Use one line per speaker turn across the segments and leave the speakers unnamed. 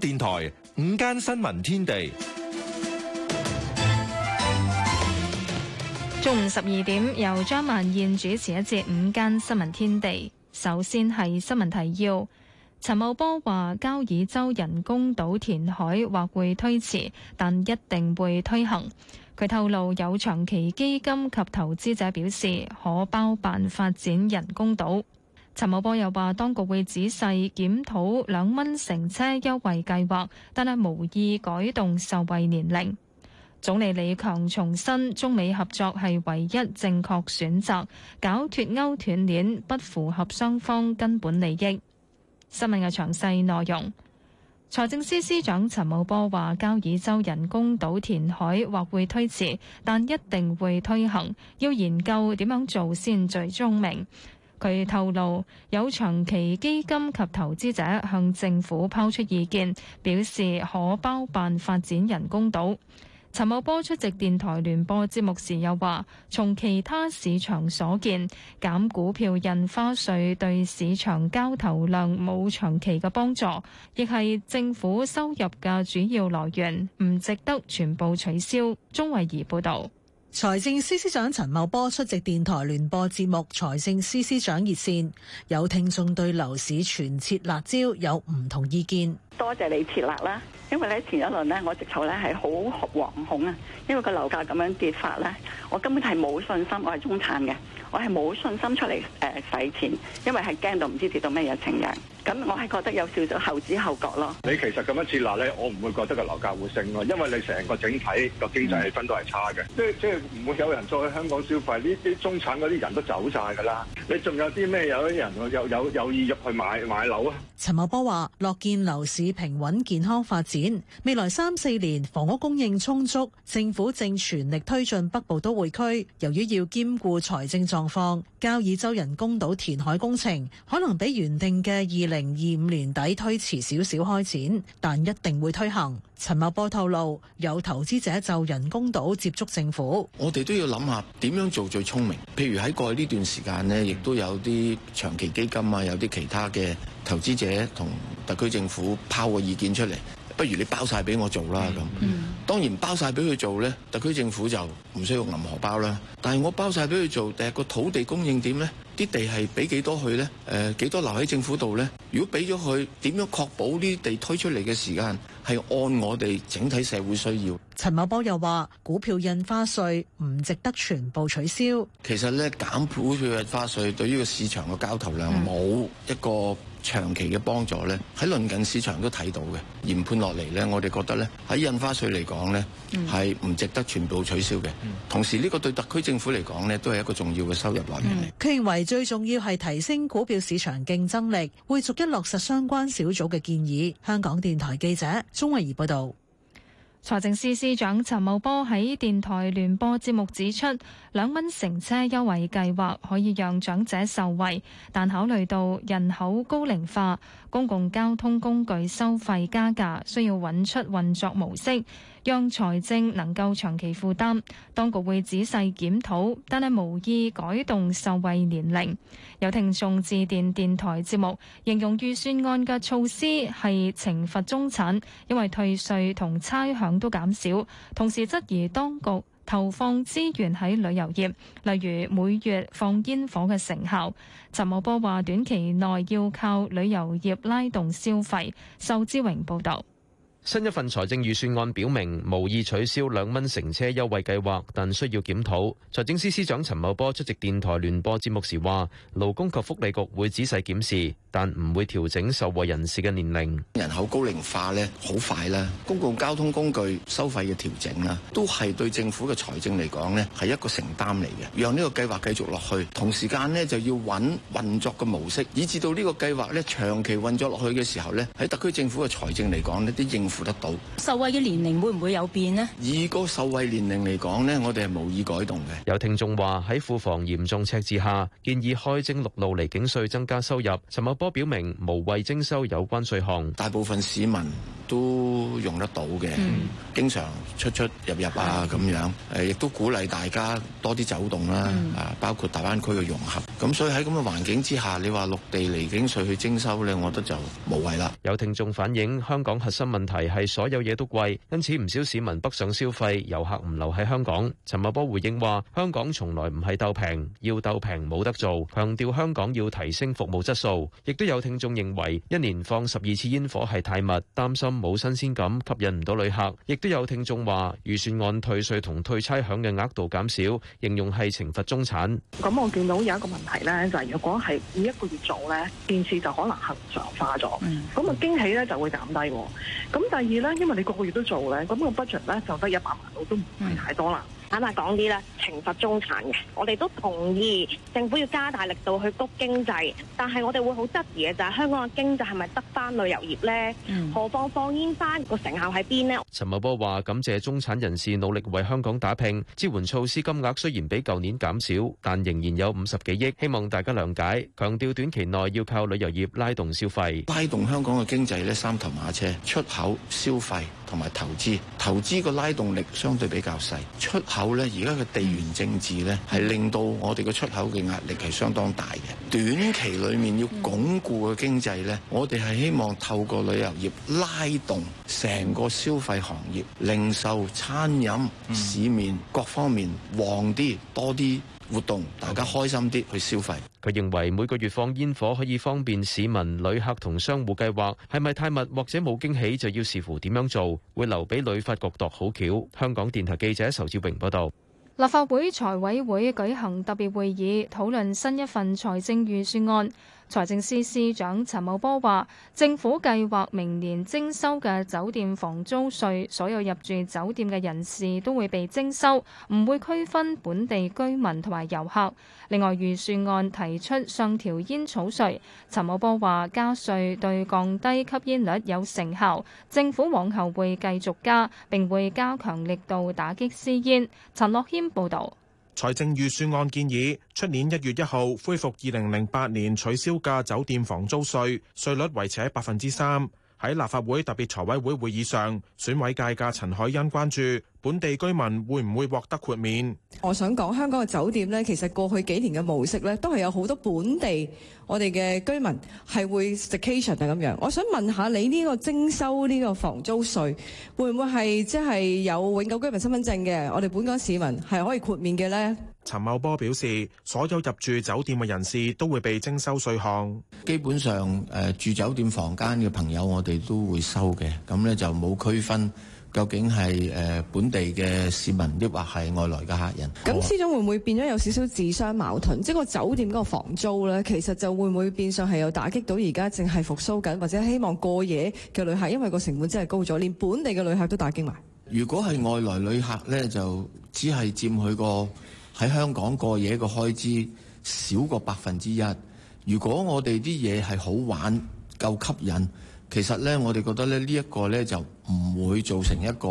電台午間新聞天地，
中午十二點由張曼燕主持一節午間新聞天地。首先係新聞提要，陳茂波話，交椅洲人工島填海或會推遲，但一定會推行。佢透露有長期基金及投資者表示，可包辦發展人工島。陳茂波又話，當局會仔細檢討兩蚊乘車優惠計劃，但係無意改動受惠年齡。總理李強重申，中美合作係唯一正確選擇，搞脫歐斷鏈不符合雙方根本利益。新聞嘅詳細內容，財政司司長陳茂波話，交椅洲人工島填海或會推遲，但一定會推行，要研究點樣做先最聰明。佢透露有長期基金及投資者向政府拋出意見，表示可包辦發展人工島。陳茂波出席電台聯播節目時又話，從其他市場所見減股票印花稅對市場交投量冇長期嘅幫助，亦係政府收入
嘅主要來源，唔值得全部取消。鍾慧儀報道。財政司司長陳茂波出席電台聯播節目《財政司司長熱線》，有聽眾對樓市全撤辣招有唔同意見。
多謝你撤辣啦！因為咧前一輪咧，我直頭咧係好惶恐啊，因為個樓價咁樣跌法咧，我根本係冇信心。我係中產嘅，我係冇信心出嚟，誒使錢，因為係驚到唔知跌到咩嘢程度。咁我係覺得有少少後知後覺咯。
你其實咁樣設立咧，我唔會覺得個樓價會升咯，因為你成個整體個經濟氣氛都係差嘅。即即係唔會有人再去香港消費。呢啲中產嗰啲人都走晒噶啦。你仲有啲咩有啲人有有有意入去買買樓啊？
陳茂波話：樂見樓市平穩健康發展。未來三四年房屋供應充足，政府正全力推進北部都會區。由於要兼顧財政狀況，交椅洲人工島填海工程可能比原定嘅二零二五年底推遲少少開展，但一定會推行。陳茂波透露，有投資者就人工島接觸政府，
我哋都要諗下點樣做最聰明。譬如喺過去呢段時間呢，亦都有啲長期基金啊，有啲其他嘅投資者同特區政府拋個意見出嚟。不如你包晒俾我做啦咁，嗯、當然包晒俾佢做咧，特區政府就唔需要用銀荷包啦。但係我包晒俾佢做，第二個土地供應點咧，啲地係俾幾多去咧？誒、呃，幾多留喺政府度咧？如果俾咗佢，點樣確保啲地推出嚟嘅時間係按我哋整體社會需要？
陳茂波又話：股票印花稅唔值得全部取消。
其實咧，減股票印花稅對於個市場個交投量冇一個長期嘅幫助咧，喺鄰近市場都睇到嘅。研判落嚟咧，我哋覺得咧，喺印花稅嚟講咧，係唔值得全部取消嘅。同時呢個對特區政府嚟講咧，都係一個重要嘅收入來
源嚟。佢、嗯、認為最重要係提升股票市場競爭力，會逐一落實相關小組嘅建議。香港電台記者鍾慧儀報道。財政司司長陳茂波喺電台聯播節目指
出，兩蚊乘車優惠計劃可以讓長者受惠，但考慮到人口高齡化，公共交通工具收費加價，需要揾出運作模式，讓財政能夠長期負擔，當局會仔細檢討，但係無意改動受惠年齡。有聽眾致電電台節目，形容預算案嘅措施係懲罰中產，因為退稅同差餉都減少。同時質疑當局投放資源喺旅遊業，例如每月放煙火嘅成效。陳茂波話：短期內要靠旅遊業拉動消費。仇志榮報導。
新一份財政預算案表明，無意取消兩蚊乘車優惠計劃，但需要檢討。財政司司長陳茂波出席電台聯播節目時話：勞工及福利局會仔
細檢視，但唔會調整受惠人士嘅年齡。人口高齡化咧，好快啦。公共交通工具收費嘅調整啊，都係對政府嘅財政嚟講呢係一個承擔嚟嘅。讓呢個計劃繼續落去，同時間呢就要搵運作嘅模式，以至到呢個計劃呢長期運作落去嘅時候呢喺特區政府嘅財政嚟講呢啲應受惠嘅
年齡會唔會有變
呢？以個受惠年齡嚟講咧，我哋係無意改
動嘅。有聽眾話，喺庫房嚴重赤字下，建議開徵陸路離境稅增加收入。陳茂波表明無謂徵收有關稅項，大部分市民都
用得到嘅。嗯、經常出出入入啊咁樣，誒，亦都鼓勵大家多啲走動啦。啊、嗯，包括大灣區嘅融合。咁所以喺咁嘅環境之下，你話陸地離境稅去徵收咧，我覺得就無謂啦。有聽眾反映香港核心問題。係
所有嘢都貴，因此唔少市民北上消費，遊客唔留喺香港。陳茂波回應話：香港從來唔係鬥平，要鬥平冇得做。強調香港要提升服務質素。亦都有聽眾認為，一年放十二次煙火係太密，擔心冇新鮮感，吸引唔到旅客。亦都有聽眾話，預算案退稅同退差餉嘅額度減少，形容係懲罰中產。
咁我見到有一個問題呢，就係、是、如果係要一個月做呢件事就可能恆常化咗，咁啊驚喜呢，就會減低。咁第二咧，因為你個個月都做咧，咁個 budget 咧就得一百萬到都唔係太多啦。嗯坦白講啲啦，些
懲罰中產嘅，我哋都同意政府要加大力度去谷經濟，但係我哋會好質疑嘅就係香港嘅經濟係咪得返旅遊業呢？嗯、何況放煙花個成效喺邊呢？
陳茂波話：感謝中產人士努力為香港打拼，支援措施金額雖然比舊年減少，但仍然有五十幾億，希望大家諒解。強調短期內
要靠旅遊業拉動消費，拉動香港嘅經濟呢，三頭馬車：出口、消費同埋投資。投資個拉動力相對比較細，出口。咧，而家嘅地緣政治呢，係令到我哋嘅出口嘅壓力係相當大嘅。短期裏面要鞏固嘅經濟呢，我哋係希望透過旅遊業拉動成個消費行業，零售、餐飲、市面各方面旺啲多啲。活動大家開心啲去消費。
佢認為每個月放煙火可以方便市民、旅客同商戶計劃，係咪太密或者冇驚喜就要視乎點樣做，會留俾旅發局度好橋。香港電台記者仇志榮報道。
立法會財委會舉行特別會議，討論新一份財政預算案。財政司司長陳茂波話：政府計劃明年徵收嘅酒店房租稅，所有入住酒店嘅人士都會被徵收，唔會區分本地居民同埋遊客。另外，預算案提出上調煙草稅。陳茂波話：加稅對降低吸煙率有成效，政府往後會繼續加，並會加強力度打擊私煙。陳樂軒報導。
財政預算案建議，出年一月一號恢復二零零八年取消嘅酒店房租稅，稅率維持喺百分之三。喺立法會特別財委會會議上，選委界嘅陳海欣關注本地居民會唔會獲得豁免。我
想講香港嘅酒店咧，其實過去幾年嘅模式咧，都係有好多本地我哋嘅居民係會 station 啊，咁樣。我想問下你呢個徵收呢個房租稅，
會唔會係即係有永久居民身份證嘅我哋本港市民係可以豁免嘅
咧？陳茂波表示，所有入住酒店嘅人士都會被徵收稅項。
基本上，誒、呃、住酒店房間嘅朋友，我哋都會收嘅。咁咧就冇區分究竟係誒、呃、本地嘅市民，抑或係外來嘅客人。咁、嗯，始
終我會唔會變咗有少少自相矛盾？即係個酒店嗰個房租咧，其實就會唔會變相係有打擊到而家正係復蘇緊或者希望過夜嘅旅客？因為個成本真係高咗，連本地嘅旅客都打擊埋。
如果係外來旅客咧，就只係佔佢個。喺香港過夜嘅開支少過百分之一。如果我哋啲嘢係好玩、夠吸引，其實呢，我哋覺得呢一個呢，就唔會造成一個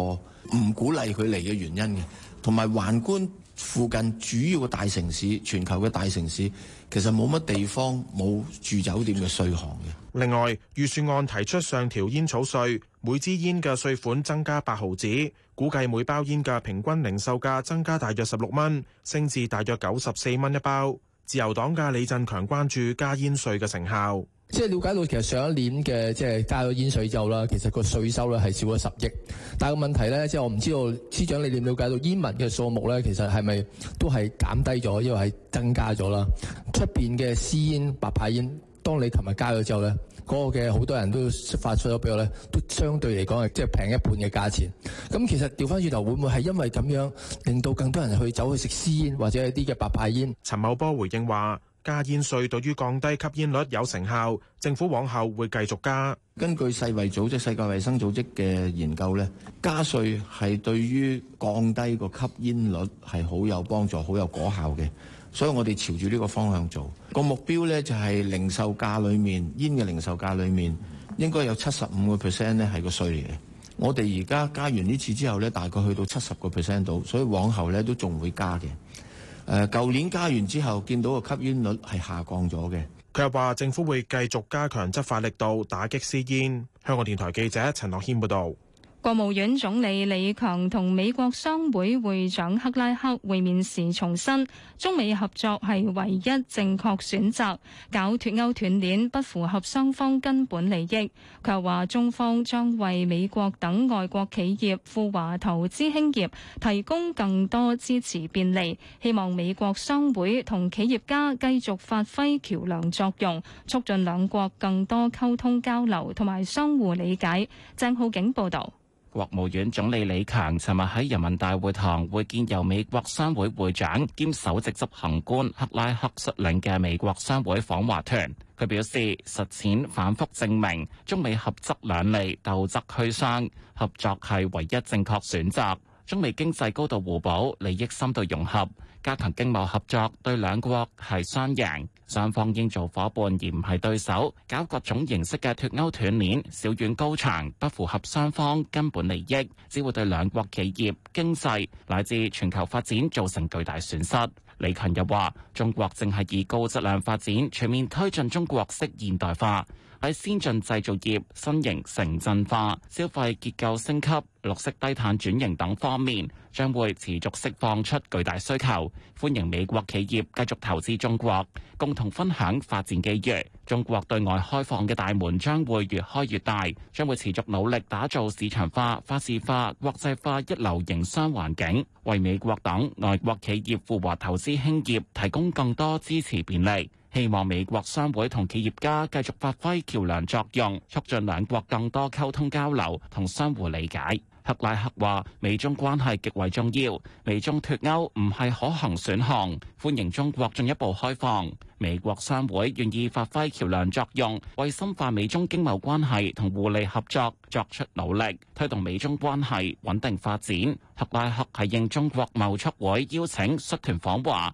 唔鼓勵佢嚟嘅原因嘅。同埋環觀附近主要嘅大城市、全球嘅大城市，其實冇乜地方冇住酒店嘅稅項嘅。
另外，預算案提出上調煙草稅，每支煙嘅稅款增加八毫子。估計每包煙價平均零售價增加大約十六蚊，升至大約九十四蚊一包。自由黨嘅李振強關注加煙稅嘅成
效，即係了解到其實上一年嘅即係加咗煙稅之後啦，其實個稅收咧係少咗十億。但係個問題咧，即係我唔知道司長你點了解到煙民嘅數目咧，其實係咪都係減低咗，因為係增加咗啦。出邊嘅私煙、白牌煙，當你琴日加咗之後咧？嗰個嘅好多人都發出咗俾我咧，都相對嚟講係即係平一半嘅價錢。咁其實調翻轉頭，會唔會係因為咁樣令到更多人去走去食私
煙或者一啲嘅白牌煙？陳茂波回應話：加煙稅對於降低吸煙率有
成效，政府往後會繼續加。根據世衛組織、世界衛生組織嘅研究咧，加稅係對於降低個吸煙率係好有幫助、好有果效嘅。所以我哋朝住呢個方向做，個目標呢，就係零售價裏面，煙嘅零售價裏面應該有七十五個 percent 係個稅嚟嘅。我哋而家加完呢次之後呢，大概去到七十個 percent 度，所以往後呢都仲會加嘅。誒，舊年加完之後，見到個吸煙率係下降咗嘅。佢又話政府
會繼續加強執法力度，打擊私煙。香港電台記者陳樂軒報導。
國務院總理李強同美國商會會長克拉克會面時重申，中美合作係唯一正確選擇，搞脫歐斷鏈不符合雙方根本利益。佢又話，中方將為美國等外國企業赴華投資興業提供更多支持便利，希望美國商會同企業家繼續發揮橋樑作用，促進兩國更多溝通交流同埋相互理解。鄭浩景報道。
國務院總理李強尋日喺人民大會堂會見由美國商會會長兼首席執行官克拉克率領嘅美國商會訪華團。佢表示，實踐反復證明，中美合則兩利，鬥則俱傷，合作係唯一正確選擇。中美經濟高度互補，利益深度融合，加強經貿合作對兩國係雙贏。雙方應做伙伴而唔係對手，搞各種形式嘅脱歐斷鏈、小院高牆，不符合雙方根本利益，只會對兩國企業、經濟乃至全球發展造成巨大損失。李強又話：中國正係以高質量發展全面推進中國式現代化。喺先進製造業、新型城鎮化、消費結構升級、綠色低碳轉型等方面，將會持續釋放出巨大需求，歡迎美國企業繼續投資中國，共同分享發展機遇。中國對外開放嘅大門將會越開越大，將會持續努力打造市場化、法治化、國際化一流營商環境，為美國等外國企業赴華投資興業提供更多支持便利。希望美國商會同企業家繼續發揮橋梁作用，促進兩國更多溝通交流同相互理解。克拉克話：美中關係極為重要，美中脫歐唔係可行選項，歡迎中國進一步開放。美國商會願意發揮橋梁作用，為深化美中經貿關係同互利合作作出努力，推動美中關係穩定發展。克拉克係應中國貿促會邀請率團訪華。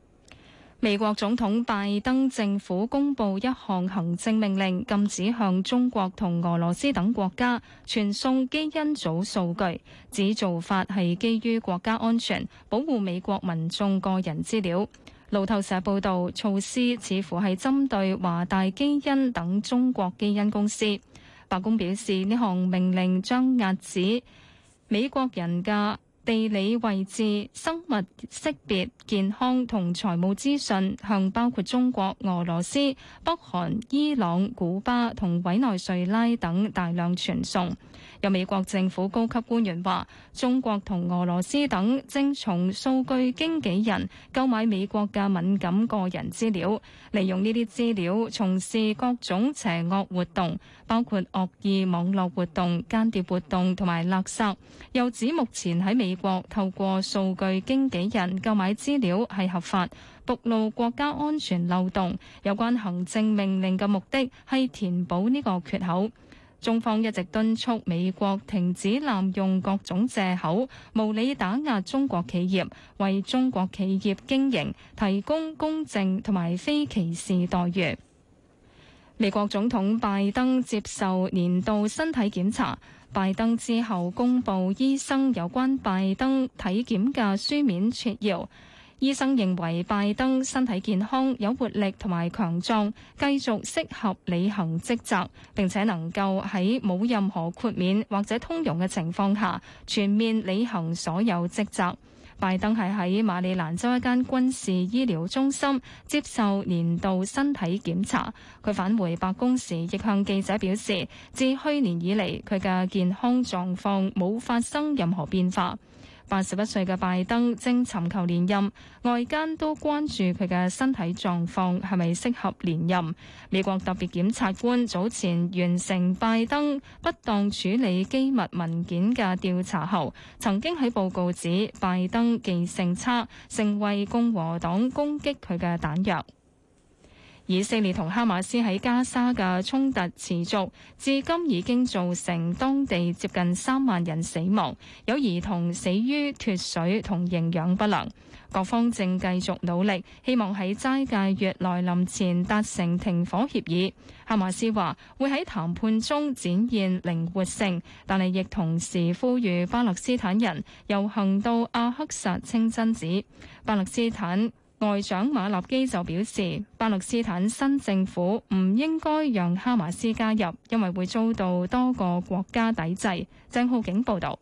美國總統拜登政府公布一項行政命令，禁止向中國同俄羅斯等國家傳送基因組數據。指做法係基於國家安全，保護美國民眾個人資料。路透社報道，措施似乎係針對華大基因等中國基因公司。白宮表示，呢項命令將壓止美國人家地理位置、生物識別、健康同財務資訊，向包括中國、俄羅斯、北韓、伊朗、古巴同委內瑞拉等大量傳送。有美國政府高級官員話，中國同俄羅斯等正從數據經紀人購買美國嘅敏感個人資料，利用呢啲資料從事各種邪惡活動，包括惡意網絡活動、間諜活動同埋勒索，又指目前喺美美國透過數據經紀人購買資料係合法，暴露國家安全漏洞。有關行政命令嘅目的係填補呢個缺口。中方一直敦促美國停止濫用各種借口，無理打壓中國企業，為中國企業經營提供公正同埋非歧視待遇。美國總統拜登接受年度身體檢查。拜登之後公布醫生有關拜登體檢嘅書面摘要，醫生認為拜登身體健康，有活力同埋強壯，繼續適合履行職責，並且能夠喺冇任何豁免或者通融嘅情況下，全面履行所有職責。拜登係喺馬里蘭州一間軍事醫療中心接受年度身體檢查。佢返回白宮時，亦向記者表示，自去年以嚟，佢嘅健康狀況冇發生任何變化。八十一歲嘅拜登正尋求連任，外間都關注佢嘅身體狀況係咪適合連任。美國特別檢察官早前完成拜登不當處理機密文件嘅調查後，曾經喺報告指拜登記性差，成為共和黨攻擊佢嘅彈藥。以色列同哈馬斯喺加沙嘅衝突持續，至今已經造成當地接近三萬人死亡，有兒童死於脱水同營養不良。各方正繼續努力，希望喺齋戒月來臨前達成停火協議。哈馬斯話會喺談判中展現靈活性，但係亦同時呼籲巴勒斯坦人遊行到阿克薩清真寺。巴勒斯坦外長馬立基就表示，巴勒斯坦新政府唔應該讓哈馬斯加入，因為會遭到多個國家抵制。鄭浩景報導。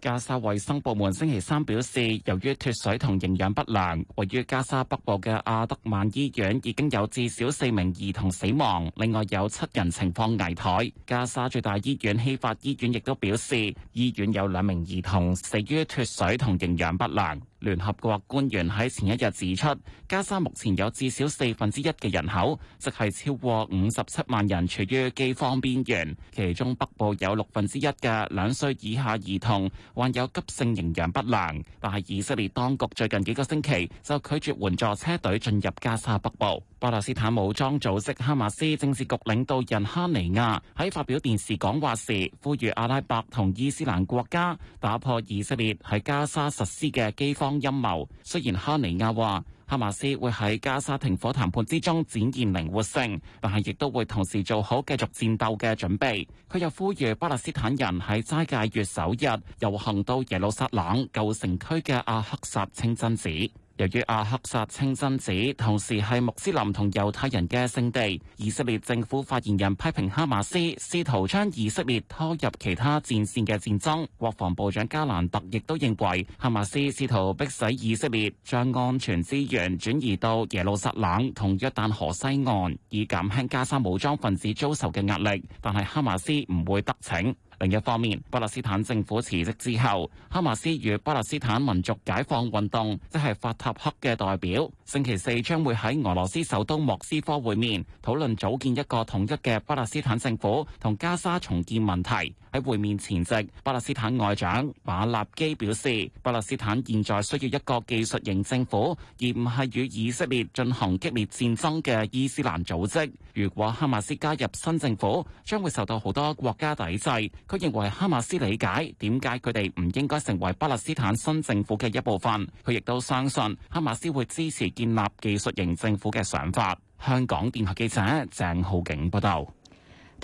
加沙衛生部門星期三表示，由於脱水同營養不良，位於加沙北部嘅阿德曼醫院已經有至少四名兒童死亡，另外有七人情況危殆。加沙最大醫院希法醫院亦都表示，醫院有兩名兒童死於脱水同營養不良。聯合國官員喺前一日指出，加沙目前有至少四分之一嘅人口，即係超過五十七萬人處於饑荒邊緣，其中北部有六分之一嘅兩歲以下兒童患有急性營養不良。但係以色列當局最近幾個星期就拒絕援助車隊進入加沙北部。巴勒斯坦武裝組織哈馬斯政治局領導人哈尼亞喺發表電視講話時，呼籲阿拉伯同伊斯蘭國家打破以色列喺加沙實施嘅饑荒陰謀。雖然哈尼亞話哈馬斯會喺加沙停火談判之中展現靈活性，但係亦都會同時做好繼續戰鬥嘅準備。佢又呼籲巴勒斯坦人喺齋戒月首日遊行到耶路撒冷舊城區嘅阿克薩清真寺。由於阿克薩清真寺同時係穆斯林同猶太人嘅聖地，以色列政府發言人批評哈馬斯試圖將以色列拖入其他戰線嘅戰爭。國防部長加蘭特亦都認為，哈馬斯試圖迫使以色列將安全資源轉移到耶路撒冷同約旦河西岸，以減輕加沙武裝分子遭受嘅壓力。但係哈馬斯唔會得逞。另一方面，巴勒斯坦政府辭職之後，哈馬斯與巴勒斯坦民族解放運動即係法塔赫嘅代表，星期四將會喺俄羅斯首都莫斯科會面，討論組建一個統一嘅巴勒斯坦政府同加沙重建問題。喺會面前夕，巴勒斯坦外長馬立基表示，巴勒斯坦現在需要一個技術型政府，而唔係與以色列進行激烈戰爭嘅伊斯蘭組織。如果哈馬斯加入新政府，將會受到好多國家抵制。佢認為哈馬斯理解點解佢哋唔應該成為巴勒斯坦新政府嘅一部分。佢亦都相信哈馬斯會支持建立技術型政府嘅想法。香港電台記者鄭浩景報道。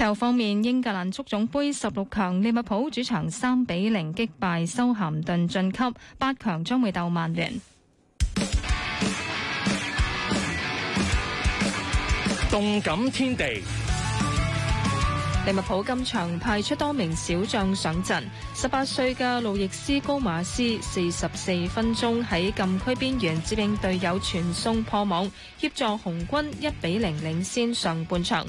球方面，英格蘭足總盃十六強，利物浦主場三比零擊敗修咸頓晉級八強，將會鬥曼聯。動
感天地，
利物浦今場派出多名小將上陣，十八歲嘅路易斯高馬斯四十四分鐘喺禁區邊緣接應隊友傳送破網，協助紅軍一比零領先上半場。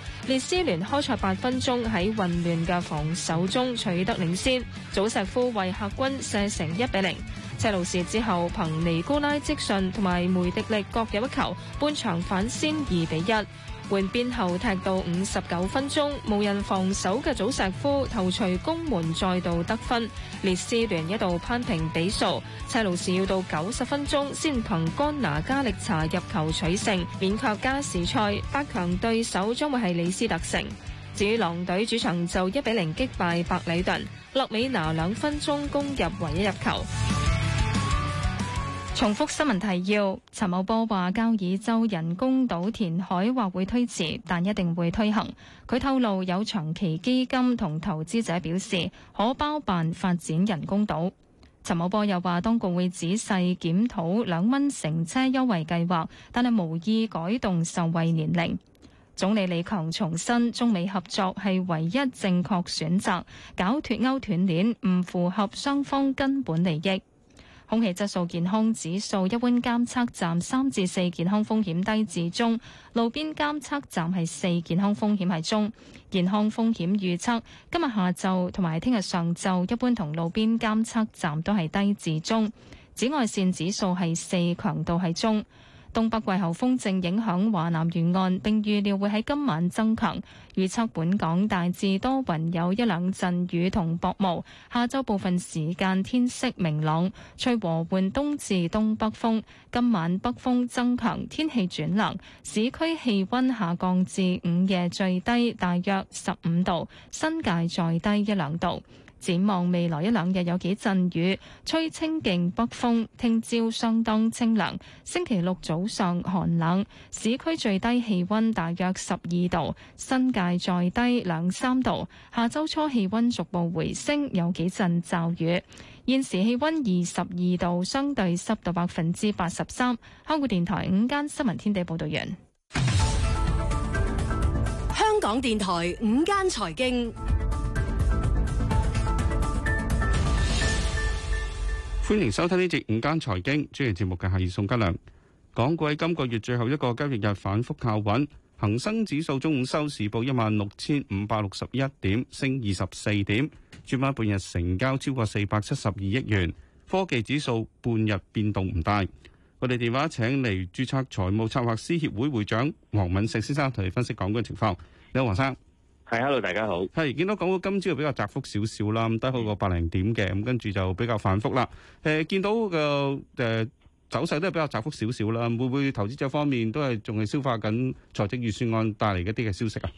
列斯聯開賽八分鐘喺混亂嘅防守中取得領先，祖石夫為客軍射成一比零。車路士之後憑尼古拉積順同埋梅迪力各有一球，半場反先二比一。換邊後踢到五十九分鐘，無人防守嘅祖石夫頭錘攻門再度得分，列斯聯一度攀平比數。車路士要到九十分鐘先憑干拿加力查入球取勝，勉強加時賽八強對手將會係李斯特城。至於狼隊主場就一比零擊敗白禮頓，勒美拿兩分鐘攻入唯一入球。重複新聞提要：陳茂波話，交椅洲人工島填海或會推遲，但一定會推行。佢透露有長期基金同投資者表示，可包辦發展人工島。陳茂波又話，當局會仔細檢討兩蚊乘車優惠計劃，但係無意改動受惠年齡。總理李強重申，中美合作係唯一正確選擇，搞脫鈎斷鏈唔符合雙方根本利益。空氣質素健康指數一般監測站三至四，健康風險低至中，路邊監測站係四，健康風險係中，健康風險預測，今日下晝同埋聽日上晝一般同路邊監測站都係低至中，紫外線指數係四，強度係中。東北季候風正影響華南沿岸，並預料會喺今晚增強。預測本港大致多雲，有一兩陣雨同薄霧。下周部分時間天色明朗，吹和緩東至東北風。今晚北風增強，天氣轉冷，市區氣溫下降至午夜最低，大約十五度，新界再低一兩度。展望未來一兩日有幾陣雨，吹清勁北風，聽朝相當清涼。星期六早上寒冷，市區最低氣温大約十二度，新界再低兩三度。下周初氣温逐步回升，有幾陣驟雨。現時氣温二十二度，相對濕度百分之八十三。香港電台午間新聞天地報道完，
香港電台午間財經。
歡迎收聽呢節午間財經，專業節目嘅係宋吉良。港股喺今個月最後一個交易日反覆靠穩，恒生指數中午收市報一萬六千五百六十一點，升二十四點。主板半日成交超過四百七十二億元。科技指數半日變動唔大。我哋電話請嚟註冊財務策劃師協會會長黃敏石先生同你分析港股嘅情況。你好，黃生。係，hello，大家好。係，見到港股今朝比較窄幅少少啦，咁低開個百零點嘅，咁跟住就比較反復啦。誒、呃，見到個誒、呃、走勢都係比較窄幅少少啦，會唔會投資者方面都係仲係消化緊財政預算案帶嚟嘅一啲嘅消息啊？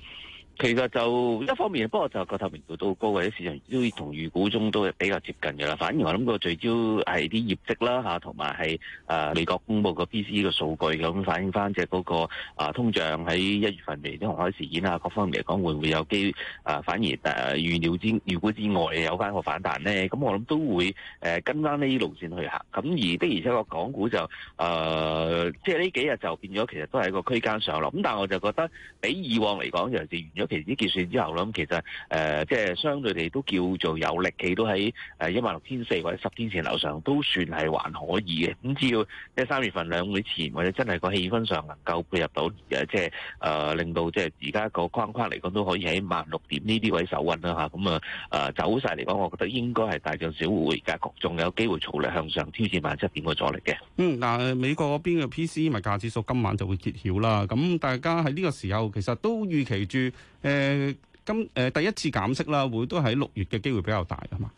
其實就一方面，不過就個透明度都高，或者市場都同預估中都比較接近嘅啦。反而我諗個聚焦係啲業績啦嚇，同埋係誒美國公布個 PCE 個數據，咁反映翻隻嗰個啊通脹喺一月份嚟啲紅海事件啊，各方面嚟講會唔會有機啊，反而誒預料之預估之外有翻個反彈咧？咁我諗都會誒跟翻呢啲路線去行。咁而的而且確港股就誒即係呢幾日就變咗其實都係一個區間上落。咁但係我就覺得比以往嚟講尤其是。期指結算之後啦，咁其實誒、呃、即係相對地都叫做有力氣，都喺誒一萬六千四或者十天線樓上都算係還可以嘅。咁只要即係三月份兩會前，或者真係個氣氛上能夠配合到誒，即係誒、呃、令到即係而家個框框嚟講都可以喺萬六點呢啲位守穩啦嚇。咁啊誒、啊、走晒嚟講，我覺得應該係大漲小回格局，仲有機會阻力向上挑戰萬七點嘅阻力嘅。嗯，
嗱、呃，美國嗰邊嘅 PC 咪價指數今晚就會揭曉啦。咁大家喺呢個時候其實都預期住。誒今誒第一次減息啦，會都喺六月嘅機會比較大係嘛？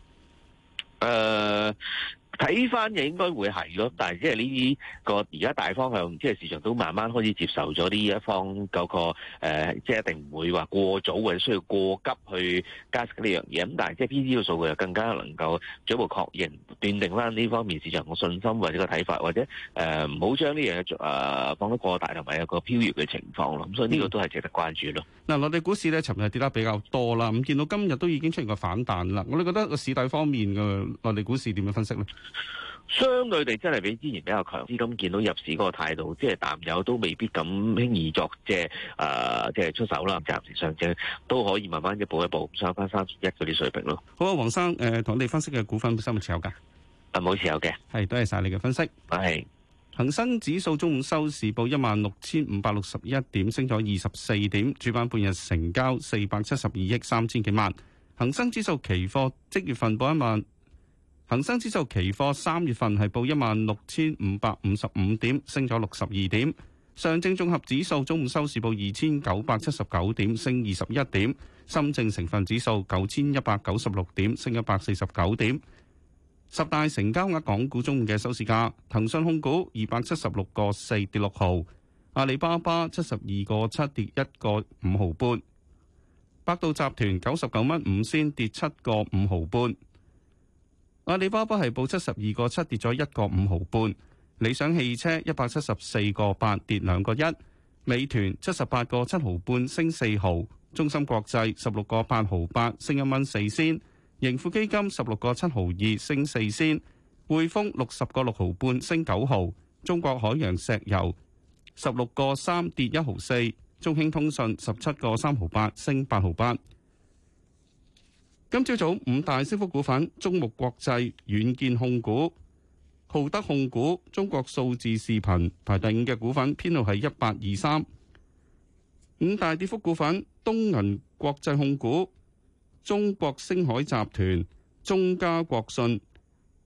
誒。Uh 睇翻嘢應該會係咯，但係即係呢啲個而家大方向，即係市場都慢慢開始接受咗呢一方個個、呃、即係一定唔會話過早或者需要過急去加息呢樣嘢。咁但係即係 P D 嘅數據又更加能夠進一步確認、斷定翻呢方面市場個信心或者個睇法，或者誒唔好將呢樣嘢誒放得過大，同埋有個飄移嘅情況咯。咁所以呢個都係值得關注咯。
嗱、嗯，內地股市咧，尋日跌得比較多啦，咁見到今日都已經出現個反彈啦。我哋覺得個市底方面嘅內地股市點樣分析咧？
相對地，真係比之前比較強。資金見到入市嗰個態度，即係淡友都未必咁輕易作借，誒、呃，即係出手啦。暫時上車都可以慢慢一步一步上翻三十一嗰啲水平
咯。好啊，黃生，誒、呃，同你分析嘅股份有冇持有噶？
啊，冇持有嘅。
係，多謝晒你嘅分析。
係是。
恒生指數中午收市報一萬六千五百六十一點，升咗二十四點，主板半日成交四百七十二億三千幾萬。恒生指數期貨即月份報一萬。恒生指數期貨三月份係報一萬六千五百五十五點，升咗六十二點。上證綜合指數中午收市報二千九百七十九點，升二十一點。深證成分指數九千一百九十六點，升一百四十九點。十大成交額港股中午嘅收市價：騰訊控股二百七十六個四跌六毫，阿里巴巴七十二個七跌一個五毫半，百度集團九十九蚊五仙跌七個五毫半。阿里巴巴係報七十二個七跌咗一個五毫半，理想汽車一百七十四個八跌兩個一，美團七十八個七毫半升四毫，中芯國際十六個八毫八升一蚊四仙，盈富基金十六個七毫二升四仙，匯豐六十個六毫半升九毫，中國海洋石油十六個三跌一毫四，中興通訊十七個三毫八升八毫八。今朝早，早五大升幅股份：中木國際軟件控股、浩德控股、中國數字視頻，排第五嘅股份編號係一八二三。五大跌幅股份：東銀國際控股、中國星海集團、中加國信、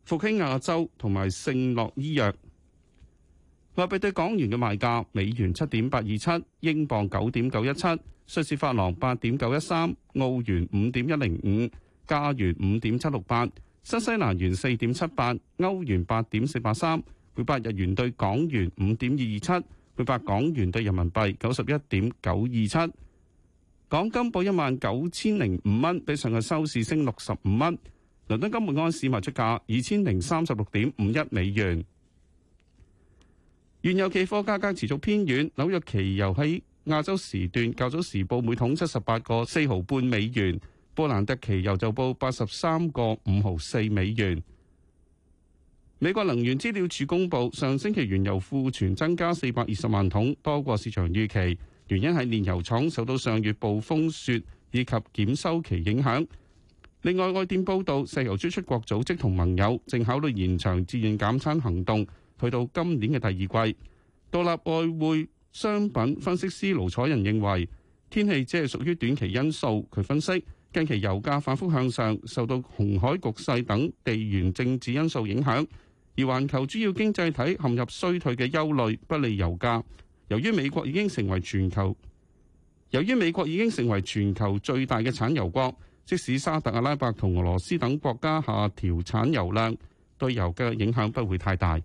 復興亞洲同埋聖諾醫藥。外幣對港元嘅賣價：美元七點八二七，英鎊九點九一七，瑞士法郎八點九一三，澳元五點一零五，加元五點七六八，新西蘭元四點七八，歐元八點四八三，每百日元對港元五點二二七，每百港元對人民幣九十一點九二七。港金報一萬九千零五蚊，比上日收市升六十五蚊。倫敦金每安士賣出價二千零三十六點五一美元。原油期貨價格持續偏軟，紐約期油喺亞洲時段較早時報每桶七十八個四毫半美元，波蘭特期油就報八十三個五毫四美元。美國能源資料處公佈，上星期原油庫存增加四百二十萬桶，多過市場預期，原因係煉油廠受到上月暴風雪以及檢修期影響。另外，外電報道，石油輸出國組織同盟友正考慮延長自願減產行動。去到今年嘅第二季，獨立外匯商品分析師盧彩人認為天氣只係屬於短期因素。佢分析近期油價反復向上，受到紅海局勢等地緣政治因素影響，而環球主要經濟體陷入衰退嘅憂慮不利油價。由於美國已經成為全球由於美國已經成為全球最大嘅產油國，即使沙特阿拉伯同俄羅斯等國家下調產油量，對油價影響不會太大。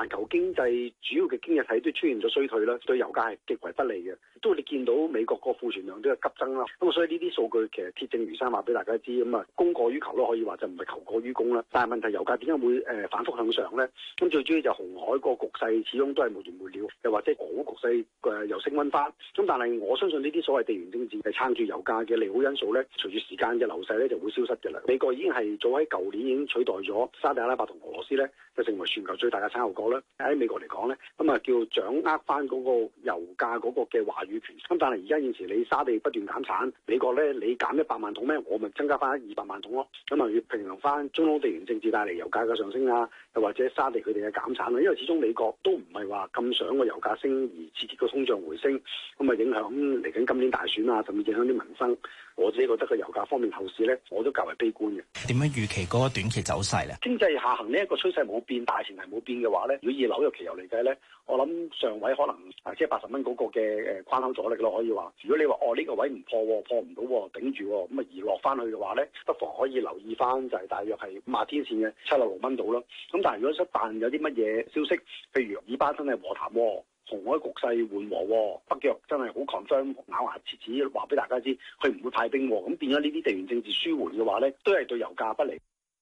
環球經濟主要嘅經濟體都出現咗衰退啦，對油價係極為不利嘅。都你見到美國個庫存量都係急增啦，咁所以呢啲數據其實鐵證如山，話俾大家知，咁啊供過於求咯，可以話就唔係求過於供啦。但係問題油價點解會誒、呃、反覆向上咧？咁最主要就紅海個局勢始終都係無完無了，又或者俄烏局勢誒又升溫翻。咁但係我相信呢啲所謂地緣政治係撐住油價嘅利好因素咧，隨住時間嘅流逝咧就會消失㗎啦。美國已經係早喺舊年已經取代咗沙特阿拉伯同俄羅斯咧，就成為全球最大嘅產油國啦。喺美國嚟講咧，咁啊叫掌握翻嗰個油價嗰個嘅話。咁但係而家現時你沙地不斷減產，美國咧你減一百萬桶咩？我咪增加翻二百萬桶咯，咁啊要平衡翻中東地緣政治帶嚟油價嘅上升啊，又或者沙地佢哋嘅減產啊，因為始終美國都唔係話咁想個油價升而刺激個通脹回升，咁啊影響嚟緊今年大選啊，甚至影響啲民生。我自己覺得個油價方面後市咧，我都較為悲觀嘅。
點樣預期嗰個短期走勢咧？
經濟下行呢一個趨勢冇變，大前提冇變嘅話咧，如果以紐約期油嚟計咧，我諗上位可能即係八十蚊嗰個嘅誒關口阻力咯，可以話。如果你話哦呢個位唔破，破唔到，頂住咁啊，移落翻去嘅話咧，不妨可以留意翻就係大約係五十天線嘅七十六,六,六、六蚊度咯。咁但係如果一旦有啲乜嘢消息，譬如以巴真係和談喎。同紅海局勢緩和，北約真係好 confirm，咬牙切齒話俾大家知，佢唔會派兵喎，咁變咗呢啲地緣政治舒緩嘅話咧，都係對油價不
利。